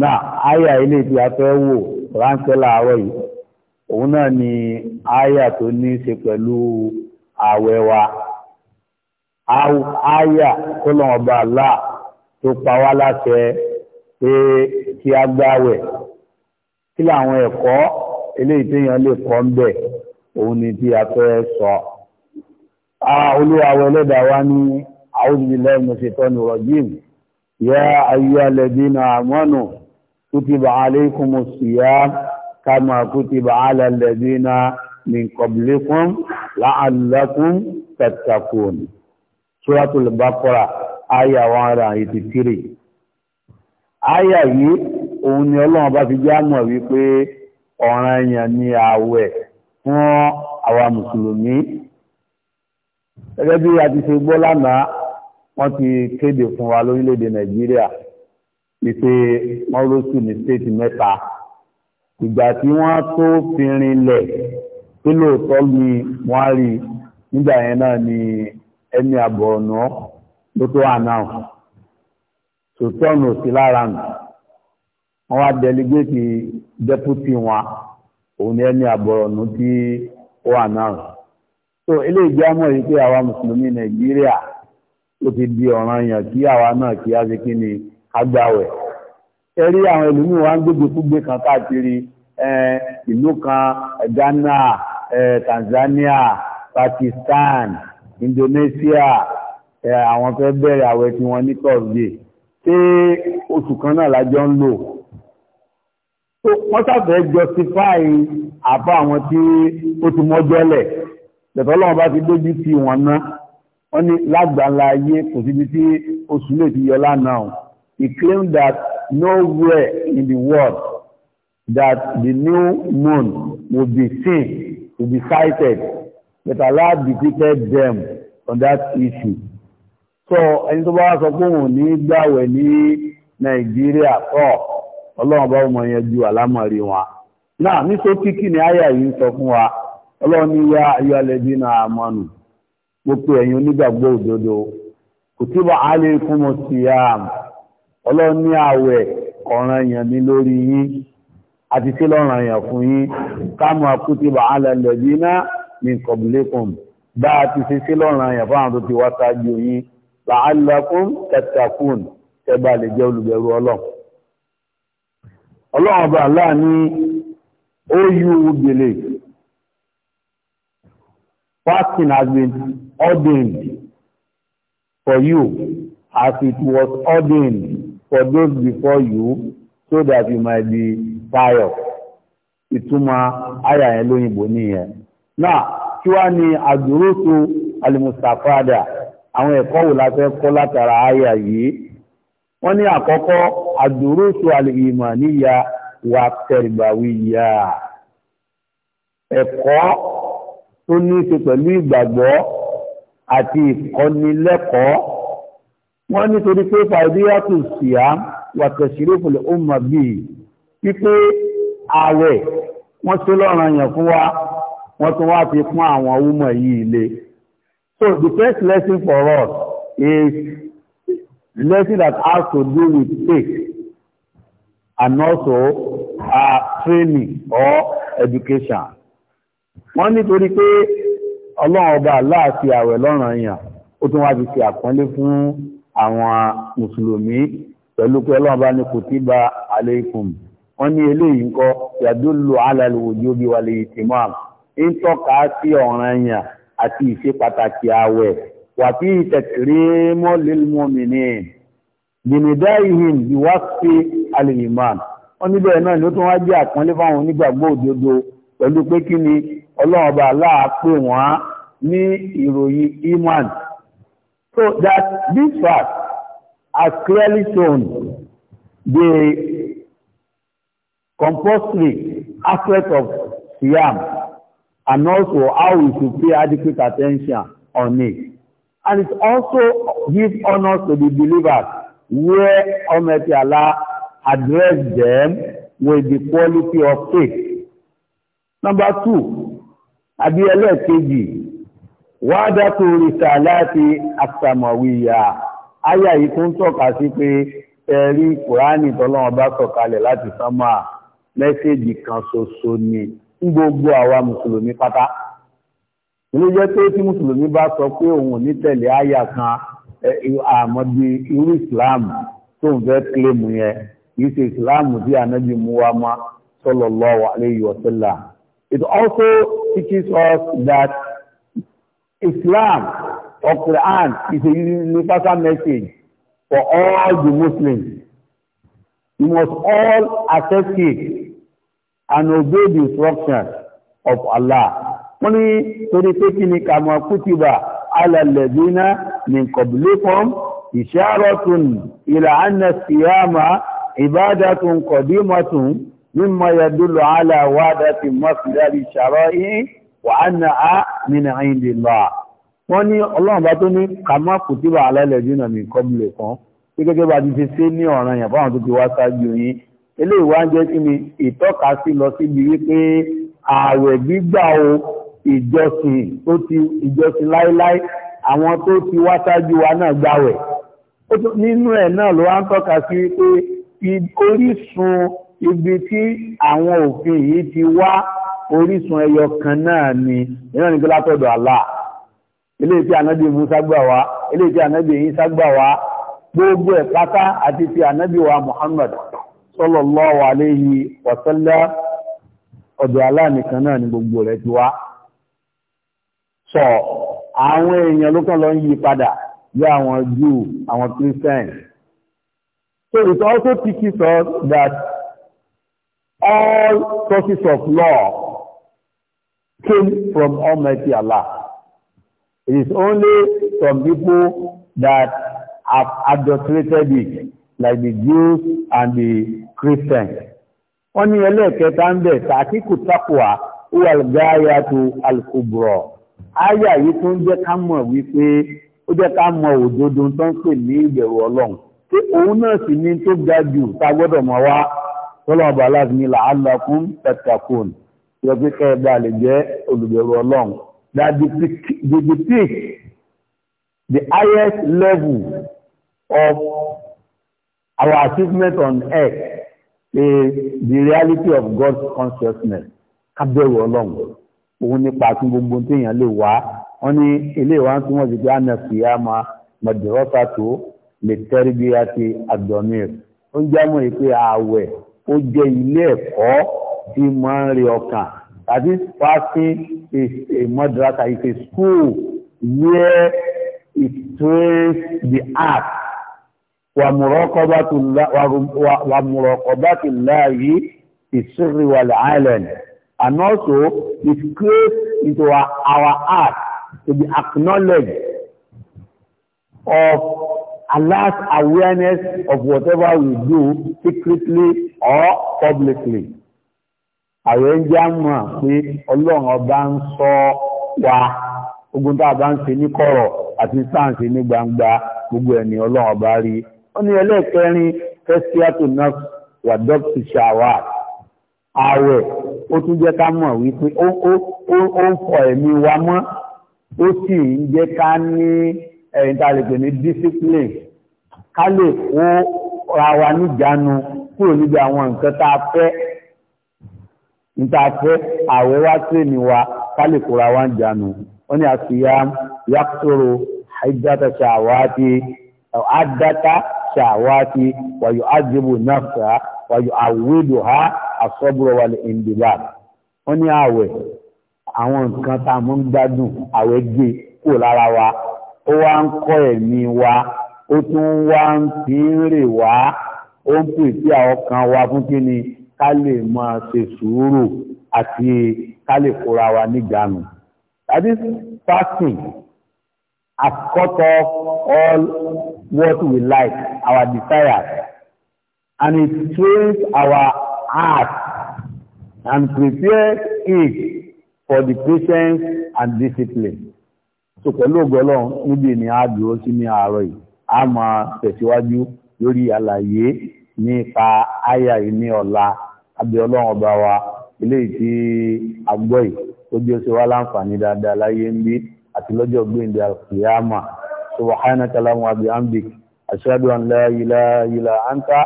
na aya ilé tí a fẹ́ wò ránṣẹ́ láàárọ̀ yìí òun náà ni aya tó ní ṣe pẹ̀lú ààwẹ̀ wa àyà tó lọ́wọ́ bá là tó pa wá láṣẹ pé kí a gbáwẹ̀ kí làwọn ẹ̀kọ́ eléyìí téèyàn lè kọ́ ń bẹ̀ òun ni tí a fẹ́ sọ. olúwa wọ ẹlẹ́dàá wa ní a'udhu billahi minash shaitani rajim ya ayyuhal ladina amanu. كتب عليكم الصيام كما كتب على الذين من قبلكم لعلكم تتقون سورة البقرة آية 183 آية yìí òun ni ọlọ́run bá fi já mọ̀ wípé ọ̀ràn èèyàn ni ààwẹ̀ fún àwa mùsùlùmí gẹ́gẹ́ bí a ti ṣe gbọ́ lánàá wọ́n ti kéde fún wa lórílẹ̀-èdè nàìjíríà wípé wọ́n ló sùn ní stéètì mẹ́ta ìgbà tí wọ́n tó fi rinlẹ̀ tó lóòótọ́ ni wọ́n rí nígbà yẹn náà ni ẹni àbọ̀ ọ̀nà ló tó ànáhùn sòtọ́ọ̀nù òsì lára nù wọ́n wá dẹligéètì dẹ́pútì wọn òun ni ẹni àbọ̀ ọ̀nà tí ó ànáhùn so eléyìí jẹ́ àmọ́ yìí pé àwa mùsùlùmí nàìjíríà ó ti di ọ̀ranyàn kí àwa náà kí á ṣe kí ni agbáwẹ̀ ẹ̀rí àwọn ìlú wa ń gbégbé fúgbé kan káàkiri ìlú kan Ghana Tanzania Pakistan Indonesia àwọn fẹ́ bẹ̀rẹ̀ àwẹ̀ tí wọ́n ní thursday pé oṣù kan náà lájọ́ ń lò wọ́n sàfẹ́ justify àbá àwọn tí ó ti mọ́jọ́lẹ̀ tẹ̀tọ́ lọ́wọ́ bá ti dójú ti wọn ná wọ́n ní lágbàńlá ayé kò síbi tí oṣù lè ti yọ lánàá He claimed that nowhere in the world that the new moon would be seen, would be sighted, but Allah defeated them on that issue. So ẹni tó bá sọ pé òun ní gbàwẹ̀ ní Nàìjíríà tọ́ ọlọ́run bá ọmọ yẹn ju àlámọ̀rí wọn. Náà ní tó kíkì ní àyà yìí ń sọ fún wa, ọlọ́run ní yá ayọ́lẹ́bí náà mọ́nù, mo pe ẹ̀yin onígbàgbọ́ òdodo, kutiba alaykumus siyam ọlọ́run ní àwẹ̀ ọ̀ranyàn ní lórí yín àti tí lọ́ranyàn fún yín káàmù àkútìbà alẹ́lẹ̀bí náà ní kọ̀bùlẹ́kùn bá a ti ṣe sí lọ́ranyàn fáwọn tó ti wá sáájú yín làálàkún tẹ̀tàkùn tẹ́bà lè jẹ́ olùbẹ̀rù ọlọ́run ọlọ́run ọba for you as it was ordained for those before you so that you might be pious ìtumọ̀ àyà yẹn lóyìnbó nìyẹn náà kí wá ní àdúrótò alimustafada àwọn ẹ̀kọ́ wò la fẹ́ kọ́ látara àyà yìí wọ́n ní àkọ́kọ́ àdúrótò alìmọ̀níyà wà tẹ̀rìbàwíyà ẹ̀kọ́ tó ní í ṣe pẹ̀lú ìgbàgbọ́ àti ìkọ́nilẹ́kọ̀ọ́ wọ́n nítorí pé fàìdíyàtù síá wàtẹ̀síròfò lè ó mọ̀ bíi wípé ààwẹ̀ wọ́n tó lọ́ràn yàn fún wa wọ́n tún wá fi fún àwọn ọmọ yìí le so the first lesson for us is lesson that has to do with faith and also uh, training or education wọ́n nítorí pé ọlọ́run ọba aláàfin ààwẹ̀ lọ́ràn yàn ó tún wá fi ṣe àpọ́nlé fún àwọn mùsùlùmí pẹ̀lú pé ọlọ́run bá ní kutiba aleikum wọ́n ní eléyìí ń kọ́ yadullu ala al-wujubi wal-ihtimam ń tọ́ka sí ọ̀ranyàn àti ìṣe pàtàkì ààwẹ̀ wa fi takrimu lil-mu'minin bìnìdáìhìn ìwáṣí al-iman wọ́n níbẹ̀ náà ni ó tún wá jẹ́ àpọ́nlé fáwọn onígbàgbọ́ òdodo pẹ̀lú pé kí ni ọlọ́run bá wọ́n ní ìròyìn iman So that these facts are clearly shown the compulsory aspect of Siam and also how we should pay adequate attention on it. And it also gives honor to the believers where Almighty Allah addressed them with the quality of faith. Number two, Abiyalé Kejì, wádàtò rìsàláti àsàmọ̀wìyà ayà yìí tún tọ́ka sí pé ẹ̀rí kùránì tọ́lọ́wọ́n bá sọ̀kalẹ̀ láti sánmà mẹ́sẹ̀jì kan ṣoṣo ni ń gbogbo àwa mùsùlùmí pátá inú jẹ́ pé tí mùsùlùmí bá sọ pé òun ní tẹ̀lé ayà kan àmọ́dé irú islam tó ń fẹ́ kílèmù yẹn kìí ṣe islam tí ànábì mú wa mọ́ sallallahu alayhi wa it also teaches us that Islam or Quran is a universal message for all the Muslims. We must all accept it and obey the instructions of Allah. Wọ́n ní torí pé kí ni kàmọ̀ kútìbà alàlẹ̀dínà ní kọ̀bùlẹ́fọ́n ìṣàrọ̀tún ìlà ánà síyàmà ìbádàtún kọ̀dímọ̀tún mímọ̀ yàdúlọ̀ aláwádàtí mọ́sílẹ̀ ìṣàrọ̀ yìí wà á na á nínú àyíndì lọ à wọ́n ní ọlọ́run bá tó ní kàmá kò tí wà alẹ́lẹ̀ dínà mi kọ́ mi lè kàn pé gẹ́gẹ́ bá ti ṣe ṣe ní ọ̀ràn yẹn fáwọn tó ti wá ṣáájú yín eléyìí wá ń jẹ́ kí ni ìtọ́ka sí lọ síbi wípé ààwẹ̀ gbígbà o ìjọsìn tó ti ìjọsìn láéláé àwọn tó ti wá ṣáájú wa náà gbàwẹ̀ nínú ẹ̀ náà ló wá ń tọ́ka sí wípé orísun ibi tí àwọn òfin yìí ti wá orísun ẹyọ kan náà ni ìran ní látọ̀dọ̀ Allah eléyìí tí ànábì Musa gbà wá eléyìí tí ànábì Isa gbà wá gbogbo ẹ̀ pátá àti ti ànábì wa Muhammad sallallahu alayhi wa sallam ọ̀dọ̀ Allah nìkan náà ni gbogbo rẹ̀ ti wá sọ àwọn èèyàn ló kàn lọ ń yí padà bí àwọn Júù àwọn Christian So it also teaches us that all sources of law came from Almighty Allah. It is only from people that have adulterated it, like the Jews and the Christians. Wọ́n ní ẹlẹ́ẹ̀kẹta ń bẹ̀ tàkíkù takwa wà gáyà tó alkubro. Áyà yìí tó ń jẹ́ ká mọ̀ wípé ó jẹ́ ká mọ̀ òdodo tó ń pè ní ìbẹ̀rù ọlọ́run. Tí òun náà sì ní tó ga jù tá gbọ́dọ̀ mọ̀ wá, tọ́lọ́mọba aláàfin ni làálàkún tẹ̀tàkùn yọ pé kẹ́ ẹ bá jẹ́ olùbẹ̀rù ọlọ́run that the the peak the highest level of our achievement on earth is the reality of God's consciousness kábẹ́rù ọlọ́run òun nípa tí gbogbo téèyàn lè wá wọn ní ilé ìwà ń túmọ̀ sí pé ànàfíà máa mọ̀dìrọ́ta tó lè tẹ́rí bí a ti àgbọ̀nmí rẹ̀ ó ń jámọ̀ yìí pé ààwẹ̀ ó jẹ́ ilé ẹ̀kọ́ ìmọ̀ọ́rẹ̀ ọkàn tàbí fasting is a moderate is a school where it trains the art. wa muraqabati Allahi fi and also it creates into our, our heart to be acknowledged of Allah's awareness of whatever we do secretly or publicly àwẹ̀ ń já mọ̀ pé ọlọ́run ọba ń sọ wa ogun tá a bá ń ṣe ní kọ̀rọ̀ àti sáǹsì ní gbangba gbogbo ẹni ọlọ́run ọba rí ó ní ẹlẹ́ẹ̀kẹrin fẹ́síàtò náà wà dọ́kítì ṣàwà àwẹ̀ ó tún jẹ́ ká mọ̀ wípé ó ń fọ ẹ̀mí wa mọ́ ó sì ń jẹ́ ká ní ẹ̀yìn tá a lè pè ní discipline ká lè kó ra wa níjánu kúrò níbi àwọn nǹkan tá a fẹ́ níta pé àwẹ̀ wá sí ni wa kálí kura wá ń jánu ó ní àfihà yàtòrò àìdáta ṣàwáàtì àdáta ṣàwáàtì wàyò ájúbù náfà wàyò àwédò ha àsọ́bùrọ̀ wà lè ìndìlá ó ní àwẹ̀ àwọn nǹkan tá a mú ń gbádùn àwẹ̀ gbé kúrò lára wa ó wá ń kọ́ ẹ̀mí wa ó tún wá ń fi ń rè wá ó ń pèsè àwọn kan wa fún kí ni ká lè máa ṣe sùúrù àti ká lè kóra wa níjànú. That is fasting has cut off all what we like, our desires, and it trains our heart and prepares it for the patience and discipline. So pẹ̀lú ògbọ́lọ́ níbi ni a dúró sí ní àárọ̀ yìí, a máa tẹ̀síwájú lórí àlàyé nípa àyà yìí ní ọ̀la àbí ọlọ́run ọba wa eléyìí tí a gbọ́ yìí ó jẹ́ ó ṣe wá láǹfààní dáadáa láyé ń bí àti lọ́jọ́ gbẹ̀ǹdẹ̀ àkìyàmà subhanaka wa bihamdik ashhadu an la ilaha illa anta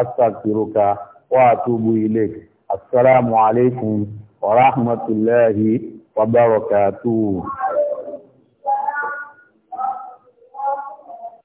astaghfiruka wa atubu ilayk assalamu alaikum wa rahmatullahi wa barakatuh